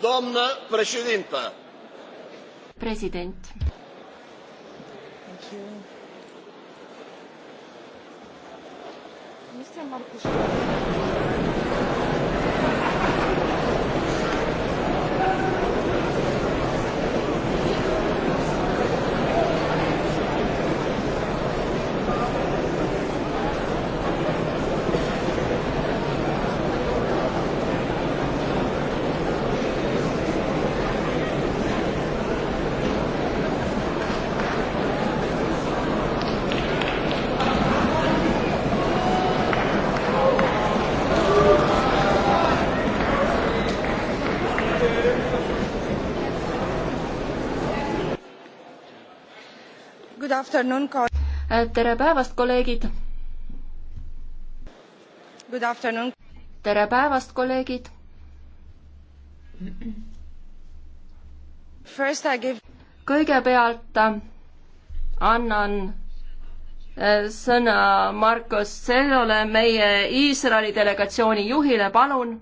Doamnă președintă! Prezident. Thank you. Mr. Marcus. tere päevast, kolleegid! tere päevast, kolleegid! Give... kõigepealt äh, annan äh, sõna Markus Sellole, meie Iisraeli delegatsiooni juhile, palun